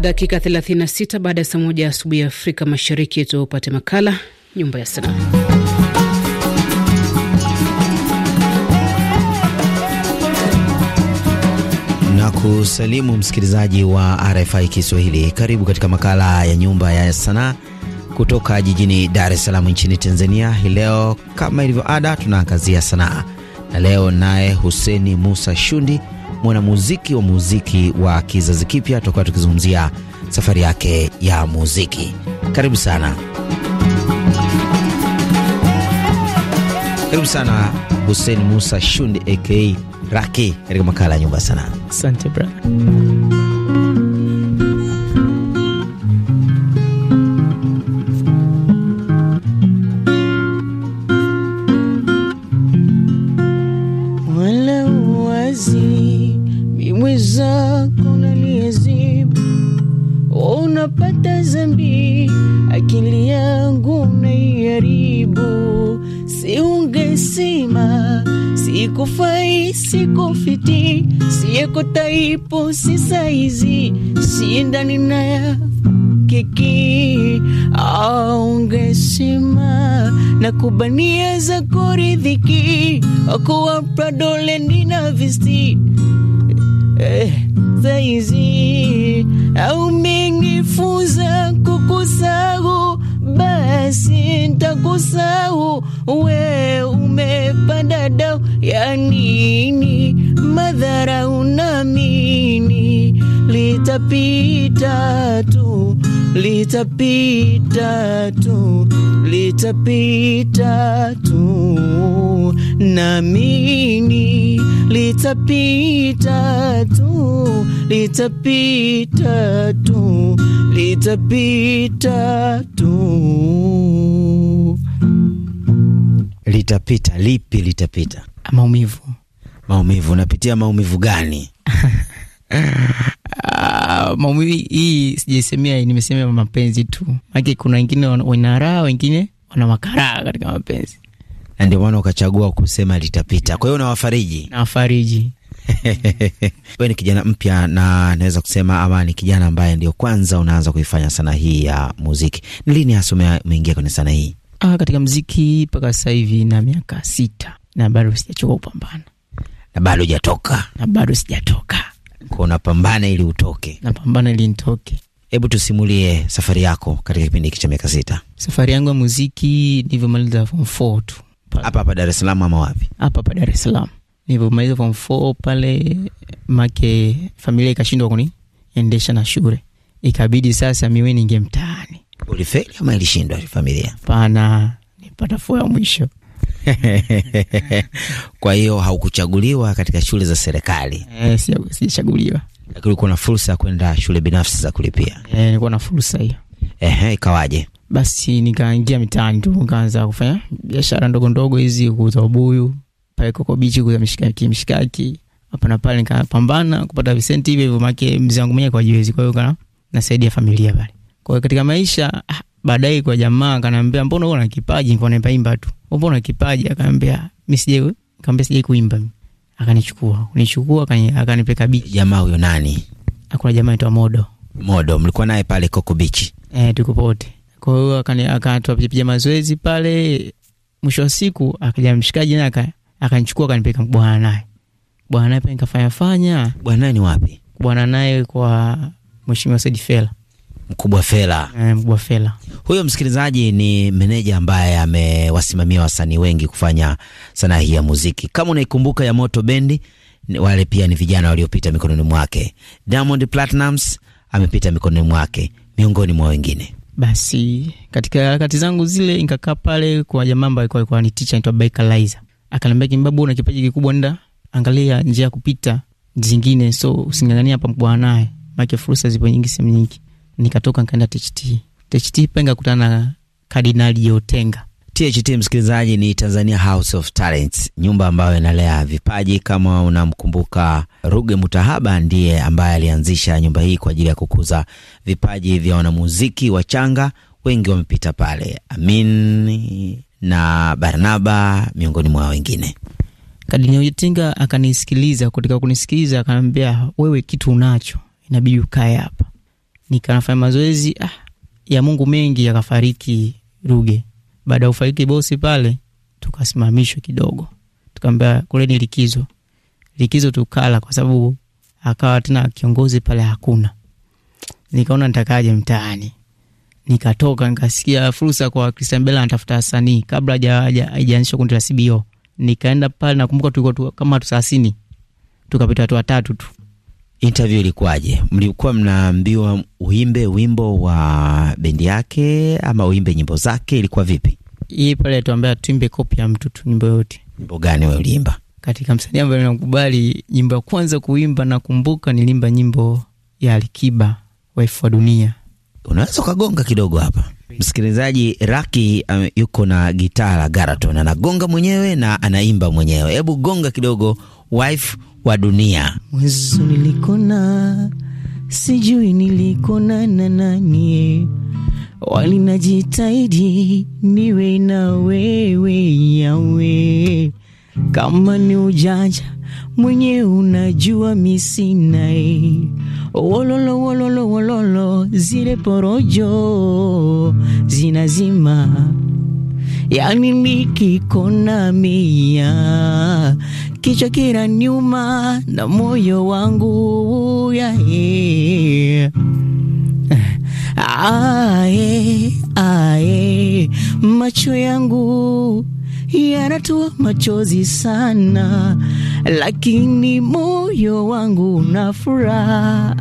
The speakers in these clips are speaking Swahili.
dakika 36 baada ya saa moja asubuhi ya Afrika Mashariki, tupate makala nyumba ya sanaa. kusalimu msikilizaji wa RFI Kiswahili, karibu katika makala ya nyumba ya sanaa kutoka jijini Dar es Salaam nchini Tanzania. Hii leo kama ilivyo ada, tunaangazia sanaa na leo naye Huseni Musa Shundi mwanamuziki wa muziki wa kizazi kipya. Tutakuwa tukizungumzia safari yake ya muziki. Karibu sana, karibu sana Hussein Musa Shundi aka Raki katika makala ya Nyumba ya Sanaa. Asante brother. kubania za kuridhiki akuwapa dole nina visti eh, saizi aumenifunza kukusau basi ntakusau we umepanda dau ya nini madhara unamini litapita tu litapita tu, litapita tu, namini litapita tu, litapita tu, litapita tu. Litapita lipi? Litapita maumivu. Maumivu, unapitia maumivu gani? maumivu hii sijaisemea, nimesemea mapenzi tu, maana kuna wengine wana raha, wengine wana makaraha katika mapenzi, na ndio maana ukachagua kusema litapita. Kwa hiyo unawafariji, nawafariji We ni kijana mpya na naweza kusema ama ni kijana ambaye ndio kwanza unaanza kuifanya sanaa hii ya muziki. Ni lini hasa umeingia kwenye sanaa hii? Ah, katika mziki mpaka sasa hivi na miaka sita, na bado sijachoka kupambana, na bado hujatoka, na bado sijatoka kwa unapambana ili utoke. Napambana ili nitoke. Hebu tusimulie safari yako katika kipindi hiki cha miaka sita. Safari yangu ya muziki nilivyomaliza form 4 tu hapa hapa Dar es Salaam ama wapi? Hapa hapa Dar es Salaam nilivyomaliza form 4 pale, make familia ikashindwa kuniendesha na shule, ikabidi sasa miwe ninge mtaani. Ulifeli ama ilishindwa familia? Pana, nipata fua ya mwisho Kwa hiyo haukuchaguliwa katika shule za serikali? E, eh, sichaguliwa, lakini ulikuwa na fursa ya kwenda shule binafsi za kulipia? E, nilikuwa na fursa hiyo. Ehe, ikawaje? Basi nikaingia mitaani tu nikaanza kufanya biashara ndogo ndogo hizi, kuuza ubuyu pale Koko Bichi, kuuza mishikaki mishikaki hapa na pale, nikapambana kupata visenti hivyo hivyo, maana mzee wangu mwenyewe kwa jiwezi, kwa hiyo kana nasaidia familia pale. Kwa hiyo katika maisha ah, baadaye, kwa jamaa kanaambia, mbona wewe na kipaji, mbona unaimba tu? mbona kipaji? Akaambia mi sije, kaambia sije kuimba. Akanichukua, unichukua akanipeka bichi. Jamaa huyo nani? Akuna jamaa aitwa Modo. Modo, mlikuwa naye pale Koko Bichi? Eh, tuko pote. Kwa hiyo akani akatupiga mazoezi pale, mwisho wa siku akaja mshikaji naye akanichukua akanipeka bwana naye. Bwana naye pia nikafanya fanya. Bwana naye ni wapi? Bwana naye kwa Mheshimiwa Said Fela. Mkubwa Fela. E, Mkubwa Fela. Huyo msikilizaji ni meneja ambaye amewasimamia wasanii wengi kufanya sanaa hii ya muziki. Kama unaikumbuka ya Moto Bendi, wale pia ni vijana waliopita mikononi mwake. Diamond Platnumz amepita mikononi mwake miongoni mwa wengine. Basi katika harakati zangu zile nikakaa pale kwa jamaa ambaye alikuwa ni teacher anaitwa Baker Liza. Akaniambia Kimbabo, una kipaji kikubwa, nenda angalia njia ya kupita zingine, so usingangania hapa mkubwa naye. Maana fursa zipo nyingi sehemu nyingi nikatoka nikaenda THT. THT penga kutana na Kardinali Yotenga. THT msikilizaji, ni Tanzania House of Talents, nyumba ambayo inalea vipaji. Kama unamkumbuka Ruge Mutahaba, ndiye ambaye alianzisha nyumba hii kwa ajili ya kukuza vipaji vya wanamuziki wachanga. Wengi wamepita pale, Amin na Barnaba miongoni mwa wengine. Kardinali Yotenga akanisikiliza, kutika kunisikiliza akaniambia, wewe kitu unacho, inabidi ukae hapa nikanafanya mazoezi ah, ya Mungu mengi, yakafariki Ruge. Baada ya ufariki bosi pale, tukasimamishwa kidogo, tukaambia kule ni likizo. Likizo tukala, kwa sababu akawa tena kiongozi pale hakuna. Nikaona nitakaje mtaani, nikatoka nikasikia fursa kwa Christian Bella anatafuta wasanii kabla haijaanzisha kundi la CBO. Nikaenda pale, nakumbuka tulikuwa kama watu thelathini, tukapita watu watatu tu Interview ilikuwaje? Mlikuwa mnaambiwa uimbe wimbo wa bendi yake ama uimbe nyimbo zake, ilikuwa vipi? Hii pale tuambia tuimbe kopi ya mtu tu, nyimbo yote. Nyimbo gani wewe uliimba? Katika msanii ambaye nakubali, nyimbo ya kwanza kuimba nakumbuka nilimba nyimbo ya Alikiba, waifu wa dunia. Unaweza ukagonga kidogo hapa, msikilizaji. Raki um, yuko na gitaa la Garaton, anagonga mwenyewe na anaimba mwenyewe. Hebu gonga kidogo, wife wa dunia. Mwanzo nilikona, sijui nilikona na nani, walinajitahidi niwe na wewe yawe, kama ni ujanja mwenye unajua misinai wololo wololo wololo, zile porojo zinazima, yani nikikona mia kicha kina nyuma na moyo wangu ya ye. Ae, ae, macho yangu yanatoa machozi sana, lakini moyo wangu una furaha.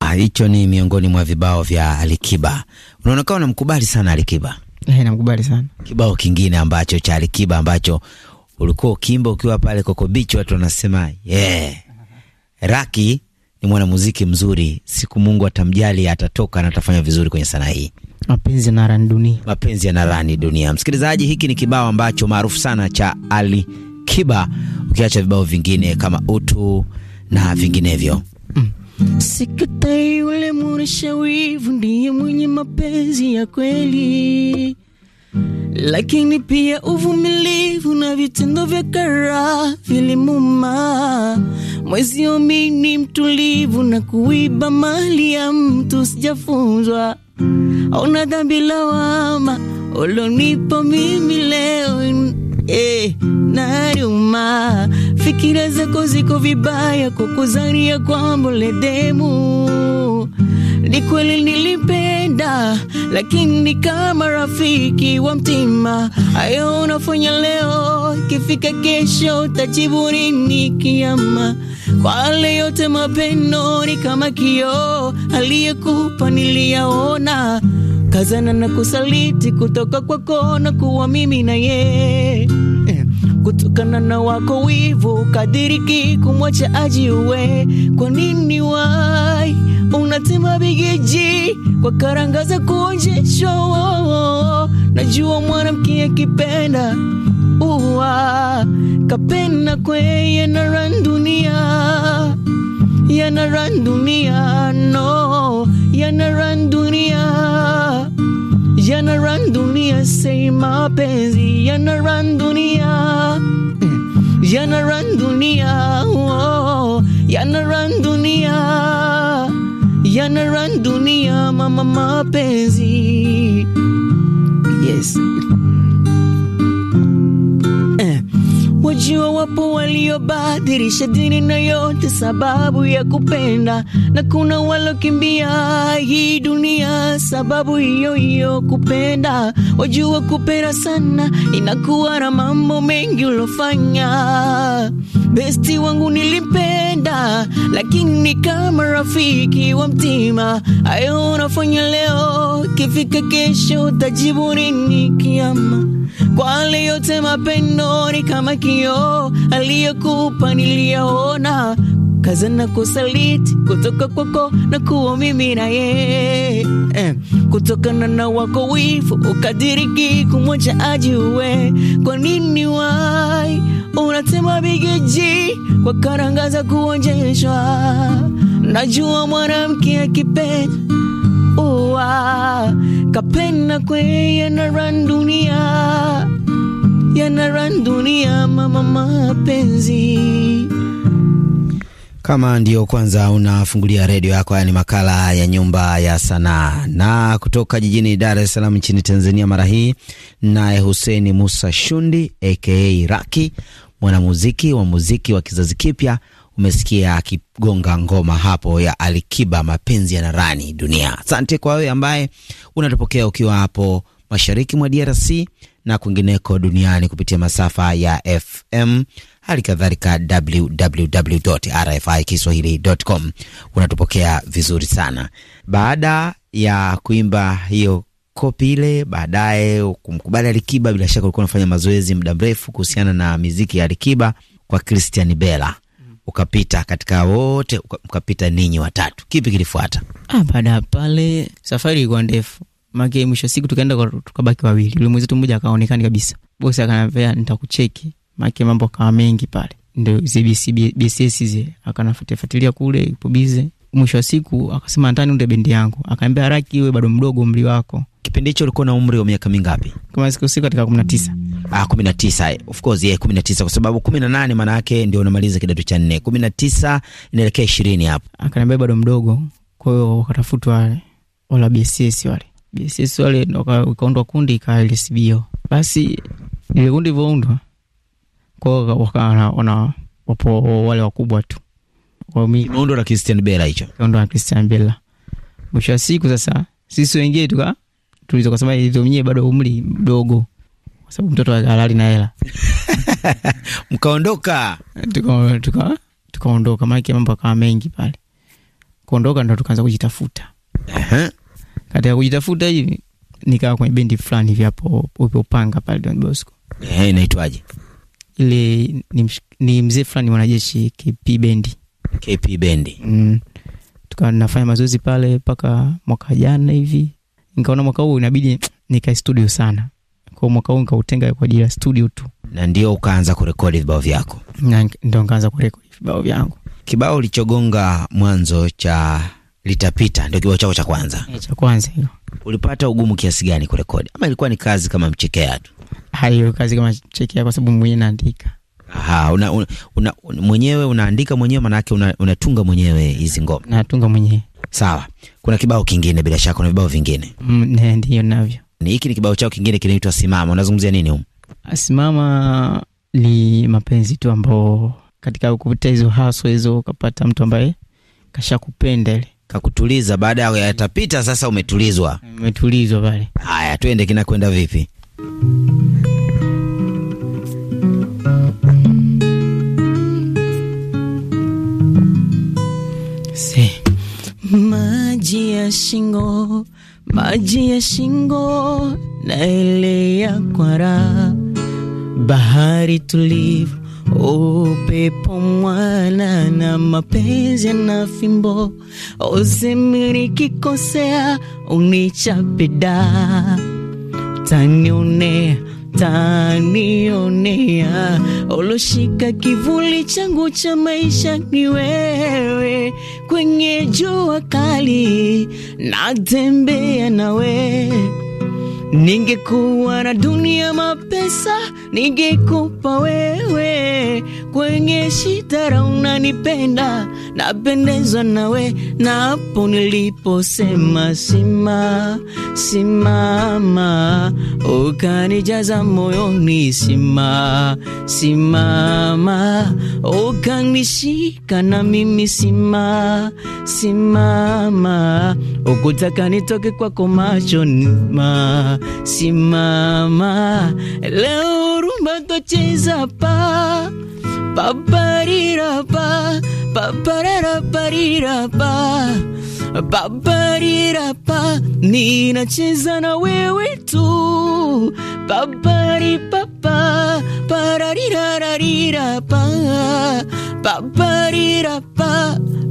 Ah, hicho ni miongoni mwa vibao vya Alikiba. Unaonekana unamkubali sana Alikiba. Eh, namkubali sana. Kibao kingine ambacho cha Alikiba ambacho ulikuwa ukiimba ukiwa pale Coco Beach, watu wanasema yeah. Raki ni mwanamuziki mzuri, siku Mungu atamjali atatoka na atafanya vizuri kwenye sanaa hii. Mapenzi yanarani dunia, mapenzi yanarani dunia. Msikilizaji, hiki ni kibao ambacho maarufu sana cha Ali Kiba, ukiacha vibao vingine kama utu na vinginevyo mm. Sikatai yule ndiye mwenye mapenzi ya kweli lakini pia uvumilivu na vitendo vya kara vilimuma. Mweziomi ni mtulivu na kuiba mali ya mtu sijafunzwa, ona dhambi lawama ulonipo mimi leo eh, nayuma. Fikira zako ziko vibaya, mbole demu ni kweli nilipenda, lakini kama rafiki wa mtima, ayo unafanya leo, kifika kesho utajibu nini kiama? Kwa ale yote mapendo ni kama kio aliyekupa niliyaona, kazana na kusaliti kutoka kwa kona kuwa mimi na ye eh, kutokana na wako wivu kadiriki kumwacha ajiwe, kwa nini wa mnatema bigiji kwa karanga za kuonjesho. Oh, oh, oh, Najua mwanamke akipenda uwa kapenda kweye yanarandunia yanarandunia no yanarandunia yanarandunia sei mapenzi yanarandunia yanarandunia oh, yanarandunia yanaran dunia mama mapenzi yes kujua wapo waliobadilisha dini na yote sababu ya kupenda, na kuna walokimbia hii dunia sababu hiyo hiyo kupenda. Wajua kupenda sana inakuwa na mambo mengi ulofanya. Besti wangu nilimpenda, lakini kama rafiki wa mtima, ayo unafanya leo, kifika kesho utajibu nini? Kiama Kwale yote mapendo ni kama kioo aliyokupa niliyaona, kazana kusaliti kutoka kwako na kuwa mimi na ye eh, kutokana na wako wifu ukadiriki kumwacha ajiue. Kwa nini wai unatema bigiji kwa karanga za kuonjeshwa? Najua mwanamke akipenda oa kapena kwe yanaran dunia yanaran dunia mama mapenzi kama ndio kwanza unafungulia redio yako, haya ni makala ya Nyumba ya Sanaa, na kutoka jijini Dar es Salaam nchini Tanzania, mara hii naye Hussein Musa Shundi aka Raki, mwanamuziki wa muziki wa kizazi kipya umesikia akigonga ngoma hapo ya Alikiba, mapenzi yanarani dunia. Asante kwa wewe ambaye unatupokea ukiwa hapo mashariki mwa DRC na kwingineko duniani kupitia masafa ya FM, hali kadhalika www RFI kiswahili.com. Unatupokea vizuri sana. Baada ya kuimba hiyo kopi ile, baadaye kumkubali Alikiba, bila shaka ulikuwa unafanya mazoezi muda mrefu kuhusiana na miziki ya Alikiba kwa Christian Bella ukapita katika wote ukapita ninyi watatu, kipi kilifuata? Ah, baada ya pale safari ilikuwa ndefu, make mwisho siku tukaenda tukabaki wawili. Ule mwenzetu mmoja akaonekani kabisa, bosi akanavea nitakucheki, make mambo akawa mengi pale, ndo zbcs ze akanafuatilia kule, ipo bize. Mwisho wa siku akasema, ntani unde bendi yangu, akaambia Raki, we bado mdogo, umri wako Kipindi hicho ulikuwa na umri wa miaka mingapi? Kama siku katika kumi na tisa. Ah, kumi na tisa, of course, yeah, kumi na tisa kwa sababu kumi na nane maana yake ndio unamaliza kidato cha nne, kumi na tisa inaelekea ishirini hapo. Akaniambia bado mdogo, kwa hiyo wakatafutwa wale wala BSS wale BSS wale wakaundwa kundi ikawa LSBO. Basi ile kundi ilivyoundwa, kwa hiyo wana wapo wale wakubwa tu umeundwa na Christian Bella, hicho umeundwa na Christian Bella. Mwisho wa siku sasa sisi wengine tuka tulizo kasema ilizomie bado umri mdogo, kwa sababu mtoto halali na hela mkaondoka, tukaondoka tuka, tuka maanake mambo akawa mengi pale. Kuondoka ndo tukaanza kujitafuta. uh-huh. Katika kujitafuta hivi nikawa kwenye bendi fulani hivi hapo upe upanga pale Don Bosco. Eh, inaitwaje ile? Ni, ni mzee fulani mwanajeshi KP bendi, KP bendi. Mm, tukawa nafanya mazoezi pale mpaka mwaka jana hivi nikaona mwaka huu inabidi nikae studio sana, kwao, mwaka huu nikautenga kwa ajili ya studio tu. Na ndio ukaanza kurekodi vibao vyako? Na ndio nikaanza kurekodi vibao vyangu. Kibao ulichogonga mwanzo cha litapita ndio kibao chako cha kwanza? E, cha kwanza hiyo. Ulipata ugumu kiasi gani kurekodi, ama ilikuwa ni kazi kama mchekea tu? Ah, hiyo kazi kama mchekea, kwa sababu mwenyewe naandika. Aha, una, una, una, mwenyewe unaandika mwenyewe, maanake unatunga una mwenyewe hizi ngoma? Natunga mwenyewe Sawa, kuna kibao kingine bila shaka, kuna vibao vingine mm, ndio navyo. Ni hiki ni kibao chao kingine kinaitwa Simama. Unazungumzia nini huko? Ah, Simama ni mapenzi tu ambao katika kupita hizo haso hizo ukapata mtu ambaye kashakupenda kakutuliza, baada ya yatapita sasa, umetulizwa umetulizwa pale. Haya, twende, kinakwenda vipi? si ya shingo, maji ya shingo naelea kwa raha, bahari tulivu, upepo mwana na mapenzi na fimbo, usemi nikikosea unichapida daa utanionea oloshika kivuli changu cha maisha ni wewe. Kwenye jua kali natembea nawe Ningekuwa na dunia mapesa, ningekupa wewe. Kwenye shitara unanipenda, napendezwa nawe, na hapo niliposema sima simama, ukanijaza moyoni, sima simama, ukanishika na mimi, sima simama, ukutaka nitoke kwako machoni nima simama, leo rumba twacheza pa paparira pa paparara parira pa paparira pa, ninacheza na wewe tu papari papa parariraririra pa paparira pa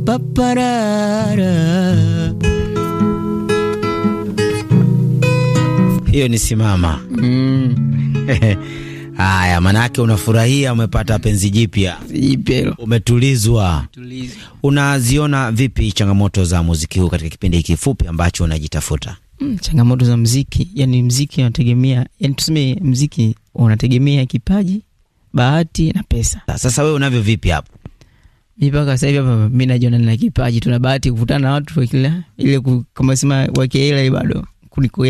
paparara hiyo ni simama. Mm. Haya, manake unafurahia, umepata penzi jipya, umetulizwa. Unaziona vipi changamoto za muziki huu katika kipindi hiki kifupi ambacho unajitafuta? Mm, changamoto za mziki yani mziki unategemea, yani tuseme mziki unategemea kipaji, bahati na pesa. Sasa wewe unavyo vipi hapo? Mi mpaka sasa hivi hapa mi najiona nina kipaji, tuna bahati kukutana na watu kila ile kama sema wakihela bado kuniku,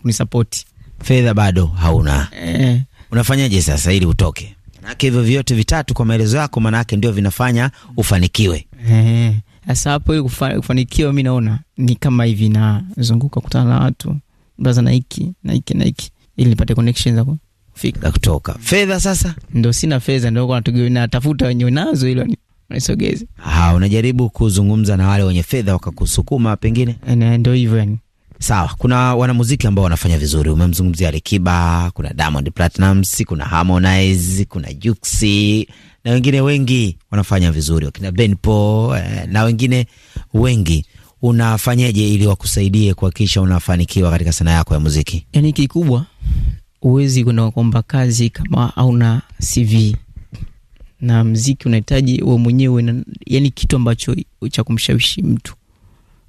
kunisapoti. Fedha bado hauna eh. Unafanyaje sasa ili utoke? Manake hivyo vyote vitatu kwa maelezo yako, manake ndio vinafanya ufanikiwe eh. Sasa hapo ili kufanikiwa, mi naona ni kama hivi, nazunguka kutana na watu baza naiki naiki naiki ili nipate connections hapo fika kutoka fedha. Sasa ndo sina fedha, ndo natafuta wenye nazo hilo nisogeze. Ah, unajaribu kuzungumza na wale wenye fedha wakakusukuma, pengine eh, ndo hivyo yani. Sawa, kuna wanamuziki ambao wanafanya vizuri. Umemzungumzia Alikiba, kuna Diamond Platnumz, kuna Harmonize, kuna Juksi na wengine wengi wanafanya vizuri, wakina Benpo eh, na wengine wengi unafanyaje ili wakusaidie kuhakikisha unafanikiwa katika sanaa yako ya muziki? Yani kikubwa, huwezi kwenda kuomba kazi kama hauna CV na mziki unahitaji we mwenyewe, yani kitu ambacho cha kumshawishi mtu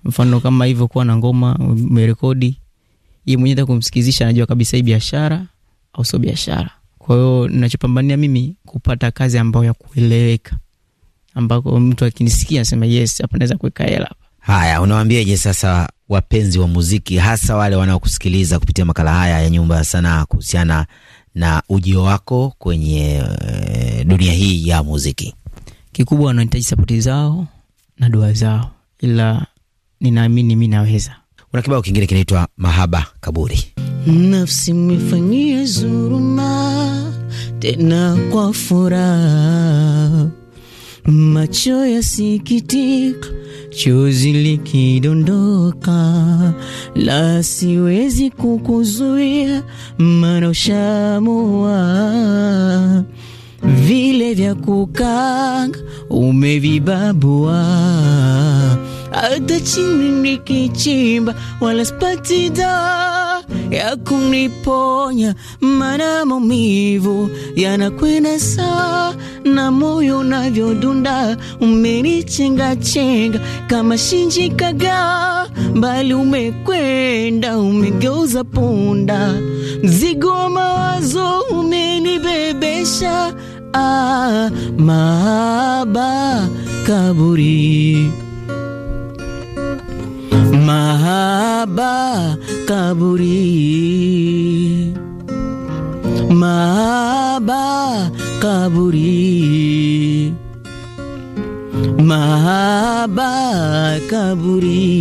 mfano kama hivyo, kuwa na ngoma umerekodi, yeye mwenyewe ta kumsikizisha, anajua kabisa hii biashara au sio biashara. Kwa hiyo nachopambania mimi kupata kazi ambayo ya kueleweka, ambako mtu akinisikia anasema yes, hapa naweza kuweka hela. Haya, unawaambiaje sasa wapenzi wa muziki, hasa wale wanaokusikiliza kupitia makala haya ya Nyumba ya Sanaa kuhusiana na ujio wako kwenye e, dunia hii ya muziki? Kikubwa wanahitaji sapoti zao na dua zao, ila ninaamini mi naweza. Kuna kibao kingine kinaitwa mahaba kaburi. Nafsi mmefanyia zuruma tena kwa furaha, macho yasikitika, chozi likidondoka, la siwezi kukuzuia, maana ushamua vile vya kukanga umevibabua, hata chini nikichimba wala sipati dawa ya kuniponya, mana maumivu yanakwenda saa na moyo unavyodunda. Umenichenga-chenga kama Shinji kaga, mbali umekwenda, umegeuza punda. Mzigo wa mawazo umenibebesha mahaba kaburi mahaba kaburi mahaba kaburi mahaba kaburi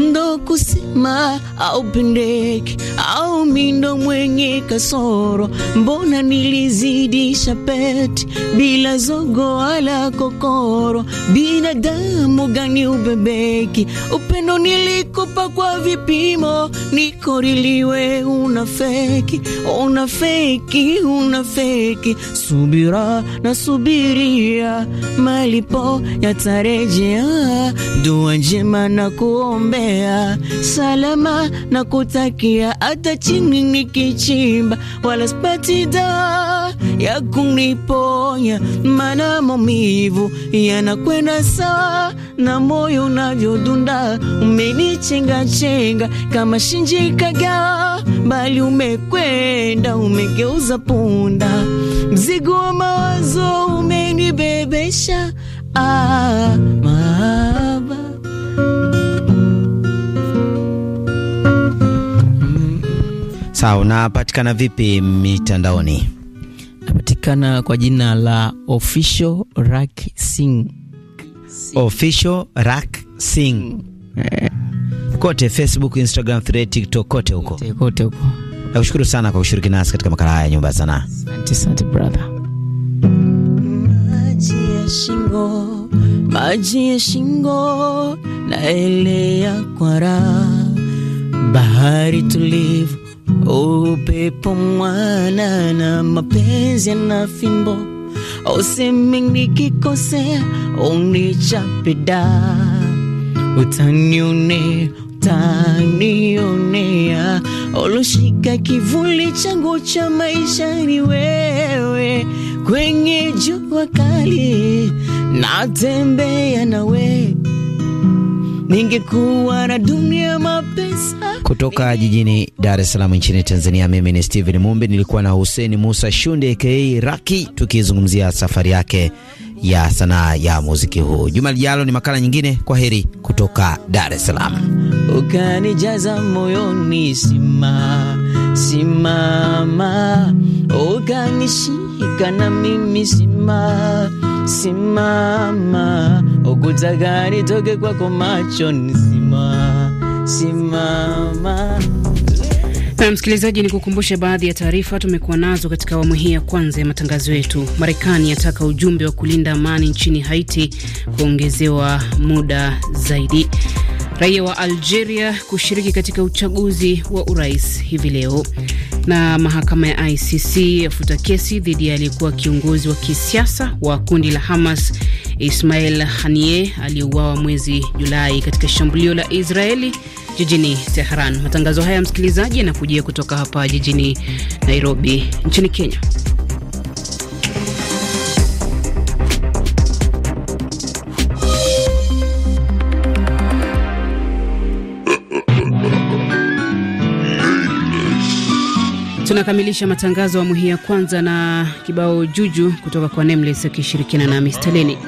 ndo kusema aupendeki au mindo mwenye kasoro? Mbona nilizidisha peti bila zogo wala kokoro? Binadamu gani ubebeki? Upendo nilikupa kwa vipimo, nikoriliwe. una feki Unafeki, una feki Subira na subiria, malipo yatarejea. Dua njema na kuombea, salama na kutakia hata chini nikichimba, wala sipati dawa ya kuniponya, maana maumivu yanakwenda sawa na moyo unavyodunda. Umenichenga-chenga kama Shinji Kagawa, bali umekwenda umegeuza punda. Mzigo wa mawazo umenibebesha ah, Sawa, unapatikana vipi mitandaoni? Napatikana kwa jina la Official Rak Singh. Official Rak Singh. Eh. Kote Facebook, Instagram, Thread, TikTok, kote huko. Kote huko. Nakushukuru sana kwa kushiriki nasi katika makala haya nyumba ya sanaa. Asante brother. Maji ya shingo, maji ya shingo naelea kwa raha, bahari tulivu upepo mwana na mapenzi na fimbo, useme nikikosea unichape da, utanione utanionea, oloshika kivuli changu cha maisha ni wewe, kwenye jua kali natembea nawe ningekuwa na dunia mapesa. Kutoka jijini Dar es Salaam nchini Tanzania. Mimi ni Steven Mumbi, nilikuwa na Hussein Musa Shunde aka Raki, tukizungumzia safari yake ya sanaa ya muziki huu. Juma lijalo ni makala nyingine. Kwa heri kutoka Dar es Salaam. Ukanijaza moyoni, sima simama, ukanishika na mimi, sima simama, ukutaka nitoke kwako machoni, sima simama na msikilizaji, ni kukumbushe baadhi ya taarifa tumekuwa nazo katika awamu hii ya kwanza ya matangazo yetu. Marekani yataka ujumbe wa kulinda amani nchini Haiti kuongezewa muda zaidi. Raia wa Algeria kushiriki katika uchaguzi wa urais hivi leo, na mahakama ya ICC yafuta kesi dhidi ya aliyekuwa kiongozi wa kisiasa wa kundi la Hamas Ismail Haniyeh aliyeuawa mwezi Julai katika shambulio la Israeli jijini Teheran. Matangazo haya msikilizaji, yanakujia kutoka hapa jijini Nairobi nchini Kenya. Tunakamilisha matangazo awamu hii ya kwanza na kibao juju kutoka kwa Nameless akishirikiana na mistaleni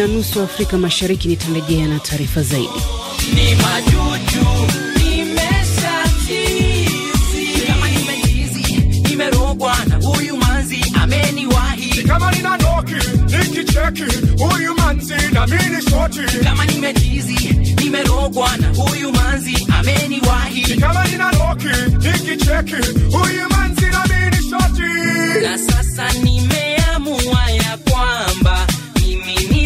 na nusu Afrika Mashariki. Nitarejea na taarifa zaidi. Ni majuju, kama nimerogwa na huyu manzi ameniwahi, kama ninanoki nikicheki huyu manzi na kama nimerogwa na huyu manzi ameniwahi, kama nikicheki huyu manzi na na sasa nimeamua ya kwamba mimi